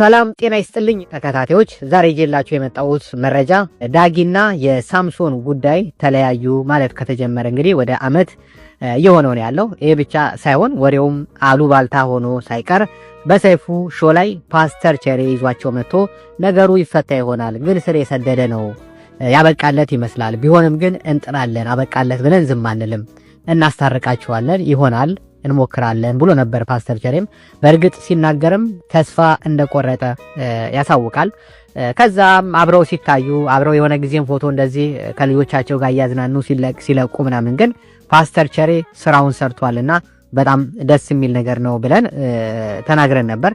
ሰላም ጤና ይስጥልኝ ተከታታዮች፣ ዛሬ ይዤላችሁ የመጣሁት መረጃ ዳጊና የሳምሶን ጉዳይ ተለያዩ ማለት ከተጀመረ እንግዲህ ወደ አመት የሆነው ነው ያለው። ይህ ብቻ ሳይሆን ወሬውም አሉባልታ ሆኖ ሳይቀር በሰይፉ ሾ ላይ ፓስተር ቸሬ ይዟቸው መጥቶ ነገሩ ይፈታ ይሆናል ግን ስር የሰደደ ነው ያበቃለት ይመስላል። ቢሆንም ግን እንጥራለን አበቃለት ብለን ዝም አንልም፣ እናስታርቃቸዋለን ይሆናል እንሞክራለን ብሎ ነበር ፓስተር ቸሬም። በእርግጥ ሲናገርም ተስፋ እንደቆረጠ ያሳውቃል። ከዛም አብረው ሲታዩ አብረው የሆነ ጊዜም ፎቶ እንደዚህ ከልጆቻቸው ጋር እያዝናኑ ሲለቁ ምናምን ግን ፓስተር ቸሬ ስራውን ሰርቷልና በጣም ደስ የሚል ነገር ነው ብለን ተናግረን ነበር።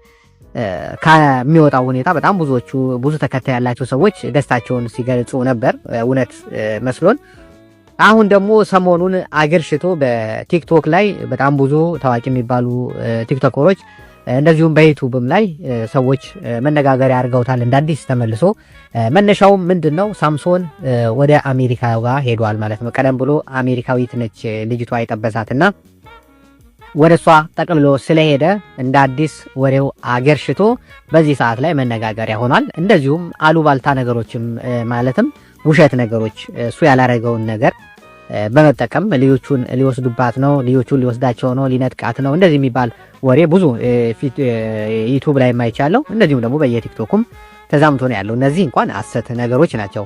ከሚወጣው ሁኔታ በጣም ብዙዎቹ ብዙ ተከታይ ያላቸው ሰዎች ደስታቸውን ሲገልጹ ነበር እውነት መስሎን አሁን ደግሞ ሰሞኑን አገር ሽቶ በቲክቶክ ላይ በጣም ብዙ ታዋቂ የሚባሉ ቲክቶከሮች እንደዚሁም በዩቱብም ላይ ሰዎች መነጋገሪያ አድርገውታል። እንደ አዲስ ተመልሶ መነሻውም ምንድን ነው? ሳምሶን ወደ አሜሪካ ጋር ሄዷል ማለት ነው። ቀደም ብሎ አሜሪካዊት ነች ልጅቷ የጠበሳትና ወደ እሷ ጠቅልሎ ስለሄደ እንደ አዲስ ወሬው አገር ሽቶ በዚህ ሰዓት ላይ መነጋገሪያ ሆኗል። እንደዚሁም አሉባልታ ነገሮችም ማለትም ውሸት ነገሮች እሱ ያላረገውን ነገር በመጠቀም ልጆቹን ሊወስዱባት ነው፣ ልጆቹን ሊወስዳቸው ነው፣ ሊነጥቃት ነው፣ እንደዚህ የሚባል ወሬ ብዙ ዩቱብ ላይ የማይቻለው እንደዚሁም ደግሞ በየቲክቶኩም ተዛምቶ ነው ያለው። እነዚህ እንኳን አሰት ነገሮች ናቸው።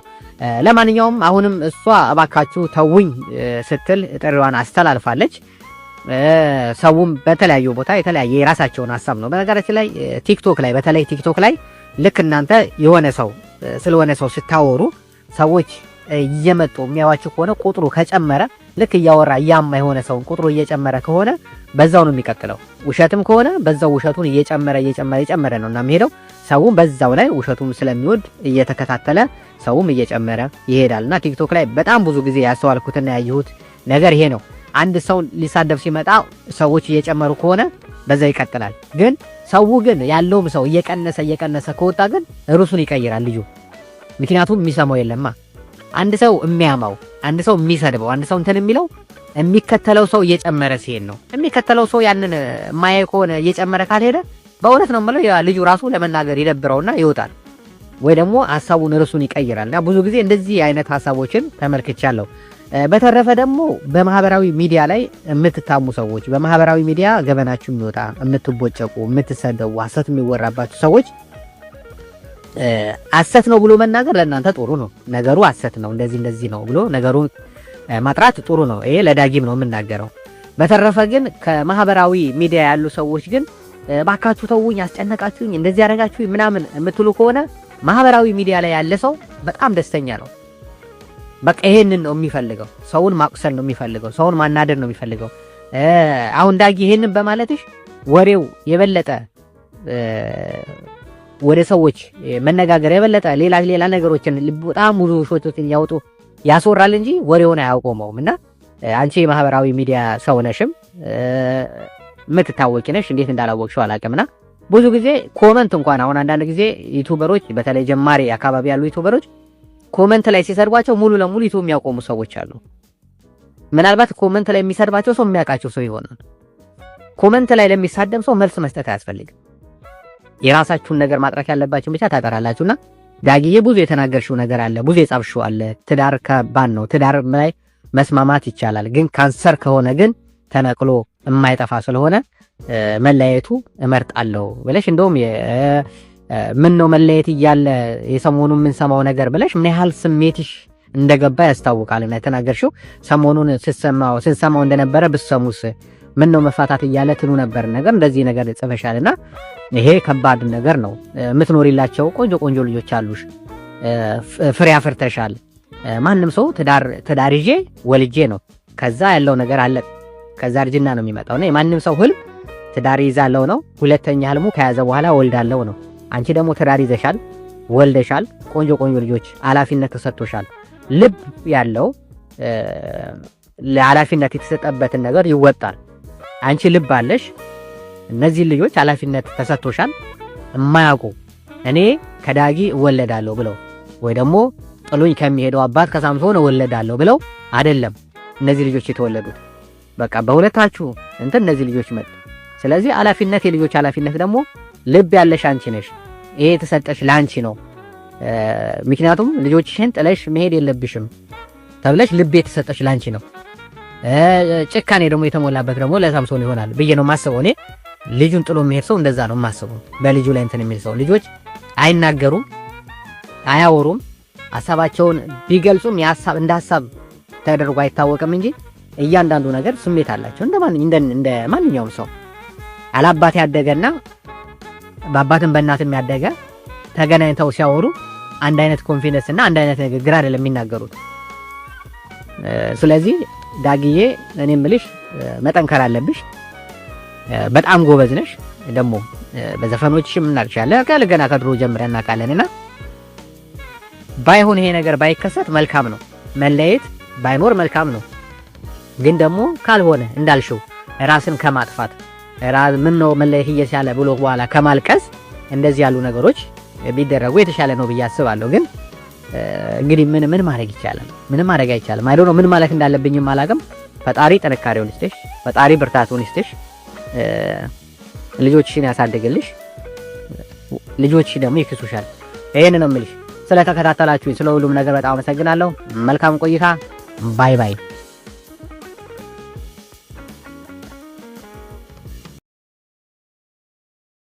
ለማንኛውም አሁንም እሷ እባካችሁ ተውኝ ስትል ጥሪዋን አስተላልፋለች። ሰውም በተለያዩ ቦታ የተለያየ የራሳቸውን ሀሳብ ነው። በነገራችን ላይ ቲክቶክ ላይ በተለይ ቲክቶክ ላይ ልክ እናንተ የሆነ ሰው ስለሆነ ሰው ስታወሩ ሰዎች እየመጡ የሚያዋችሁ ከሆነ ቁጥሩ ከጨመረ ልክ እያወራ ያማ የሆነ ሰውን ቁጥሩ እየጨመረ ከሆነ በዛው ነው የሚቀጥለው። ውሸትም ከሆነ በዛው ውሸቱን እየጨመረ እየጨመረ እየጨመረ ነው እና የሚሄደው ሰውም በዛው ላይ ውሸቱም ስለሚወድ እየተከታተለ ሰውም እየጨመረ ይሄዳልና ቲክቶክ ላይ በጣም ብዙ ጊዜ ያስተዋልኩትና ያየሁት ነገር ይሄ ነው። አንድ ሰው ሊሳደብ ሲመጣ ሰዎች እየጨመሩ ከሆነ በዛ ይቀጥላል። ግን ሰው ግን ያለውም ሰው እየቀነሰ እየቀነሰ ከወጣ ግን ርዕሱን ይቀይራል ልዩ ምክንያቱም የሚሰማው የለማ አንድ ሰው የሚያማው፣ አንድ ሰው የሚሰድበው፣ አንድ ሰው እንትን የሚለው የሚከተለው ሰው እየጨመረ ሲሄድ ነው። የሚከተለው ሰው ያንን ማየ ከሆነ እየጨመረ ካልሄደ በእውነት ነው የምለው ልጁ ራሱ ለመናገር ይደብረውና ይወጣል፣ ወይ ደግሞ ሀሳቡን እርሱን ይቀይራል። እና ብዙ ጊዜ እንደዚህ አይነት ሀሳቦችን ተመልክቻለሁ። በተረፈ ደግሞ በማህበራዊ ሚዲያ ላይ የምትታሙ ሰዎች፣ በማህበራዊ ሚዲያ ገበናችሁ የሚወጣ የምትቦጨቁ፣ የምትሰደቡ፣ ሀሰት የሚወራባችሁ ሰዎች አሰት ነው ብሎ መናገር ለእናንተ ጥሩ ነው። ነገሩ አሰት ነው እንደዚህ እንደዚህ ነው ብሎ ነገሩ ማጥራት ጥሩ ነው። ይሄ ለዳጊም ነው የምናገረው። በተረፈ ግን ከማህበራዊ ሚዲያ ያሉ ሰዎች ግን ባካችሁ ተውኝ፣ አስጨነቃችሁኝ፣ እንደዚህ ያደረጋችሁኝ ምናምን የምትሉ ከሆነ ማህበራዊ ሚዲያ ላይ ያለ ሰው በጣም ደስተኛ ነው። በቃ ይሄንን ነው የሚፈልገው። ሰውን ማቁሰል ነው የሚፈልገው። ሰውን ማናደር ነው የሚፈልገው። አሁን ዳጊ ይሄንን በማለትሽ ወሬው የበለጠ ወደ ሰዎች መነጋገር የበለጠ ሌላ ሌላ ነገሮችን በጣም ብዙ ሾቶችን ያወጡ ያስወራል እንጂ ወሬውን አያውቆመውም። እና አንቺ የማህበራዊ ሚዲያ ሰው ነሽም የምትታወቂ ነሽ፣ እንዴት እንዳላወቅሽው አላቅምና ብዙ ጊዜ ኮመንት እንኳን አሁን አንዳንድ ጊዜ ዩቱበሮች በተለይ ጀማሪ አካባቢ ያሉ ዩቱበሮች ኮመንት ላይ ሲሰድቧቸው ሙሉ ለሙሉ ዩቱብ የሚያቆሙ ሰዎች አሉ። ምናልባት ኮመንት ላይ የሚሰድባቸው ሰው የሚያውቃቸው ሰው ይሆናል። ኮመንት ላይ ለሚሳደም ሰው መልስ መስጠት አያስፈልግም። የራሳችሁን ነገር ማጥራት ያለባችሁን ብቻ ታጠራላችሁና ዳጊዬ ብዙ የተናገርሽው ነገር አለ፣ ብዙ የጻፍሽው አለ። ትዳር ከባድ ነው። ትዳር ላይ መስማማት ይቻላል፣ ግን ካንሰር ከሆነ ግን ተነቅሎ የማይጠፋ ስለሆነ መለያየቱ እመርጣለሁ ብለሽ እንደውም ምን ነው መለየት እያለ የሰሞኑ የምንሰማው ነገር ብለሽ ምን ያህል ስሜትሽ እንደገባ ያስታውቃልና የተናገርሽው ሰሞኑን ስንሰማው እንደነበረ ብሰሙስ ምን ነው መፋታት እያለ ትሉ ነበር ነገር እንደዚህ ነገር ጽፈሻልና ይሄ ከባድ ነገር ነው። የምትኖሪላቸው ቆንጆ ቆንጆ ልጆች አሉሽ፣ ፍሬ አፍርተሻል። ማንም ሰው ትዳር ይዤ ወልጄ ነው ከዛ ያለው ነገር አለ። ከዛ እርጅና ነው የሚመጣው እና የማንም ሰው ህልም ትዳር ይዛለው ነው። ሁለተኛ ህልሙ ከያዘ በኋላ ወልዳለው ነው። አንቺ ደግሞ ትዳር ይዘሻል፣ ወልደሻል፣ ቆንጆ ቆንጆ ልጆች፣ ኃላፊነት ተሰጥቶሻል። ልብ ያለው ለኃላፊነት የተሰጠበትን ነገር ይወጣል። አንቺ ልብ አለሽ። እነዚህ ልጆች ኃላፊነት ተሰጥቶሻል። እማያውቁ እኔ ከዳጊ እወለዳለሁ ብለው ወይ ደግሞ ጥሉኝ ከሚሄደው አባት ከሳምሶን እወለዳለሁ ብለው አይደለም እነዚህ ልጆች የተወለዱት። በቃ በሁለታችሁ እንትን እነዚህ ልጆች መጡ። ስለዚህ ኃላፊነት የልጆች ኃላፊነት ደግሞ ልብ ያለሽ አንቺ ነሽ። ይሄ የተሰጠሽ ለአንቺ ነው። ምክንያቱም ልጆችሽን ጥለሽ መሄድ የለብሽም ተብለሽ ልብ የተሰጠሽ ለአንቺ ነው። ጭካኔ ደግሞ የተሞላበት ደግሞ ለሳምሶን ይሆናል ብዬ ነው ማስበው። እኔ ልጁን ጥሎ የሚሄድ ሰው እንደዛ ነው ማስበው። በልጁ ላይ እንትን የሚል ሰው ልጆች አይናገሩም፣ አያወሩም። ሀሳባቸውን ቢገልጹም የሀሳብ እንደ ሀሳብ ተደርጎ አይታወቅም እንጂ እያንዳንዱ ነገር ስሜት አላቸው እንደ ማንኛውም ሰው አላባት ያደገና በአባትም በእናትም ያደገ ተገናኝተው ሲያወሩ አንድ አይነት ኮንፊደንስ እና አንድ አይነት ንግግር አይደለም የሚናገሩት። ስለዚህ ዳግዬ እኔ ምልሽ መጠንከር አለብሽ። በጣም ጎበዝ ነሽ። ደግሞ በዘፈኖችሽም እናልሻለን ካለ ገና ከድሮ ጀምረ እናውቃለንና ባይሆን ይሄ ነገር ባይከሰት መልካም ነው። መለየት ባይኖር መልካም ነው። ግን ደግሞ ካልሆነ እንዳልሽው ራስን ከማጥፋት ራስ ምን ነው መለየት እየቻለ ብሎ በኋላ ከማልቀስ እንደዚህ ያሉ ነገሮች ቢደረጉ የተሻለ ነው ብዬ አስባለሁ ግን እንግዲህ ምን ምን ማድረግ ይቻላል? ምንም ማድረግ አይቻልም። ዶንት ኖ ምን ማለት እንዳለብኝም አላቅም። ፈጣሪ ጥንካሬውን ይስጥሽ፣ ፈጣሪ ብርታቱን ይስጥሽ፣ ልጆችሽን ያሳድግልሽ፣ ልጆችሽ ደግሞ ይክሱሻል። ይህን ነው የምልሽ። ስለተከታተላችሁኝ ስለ ሁሉም ነገር በጣም አመሰግናለሁ። መልካም ቆይታ። ባይ ባይ።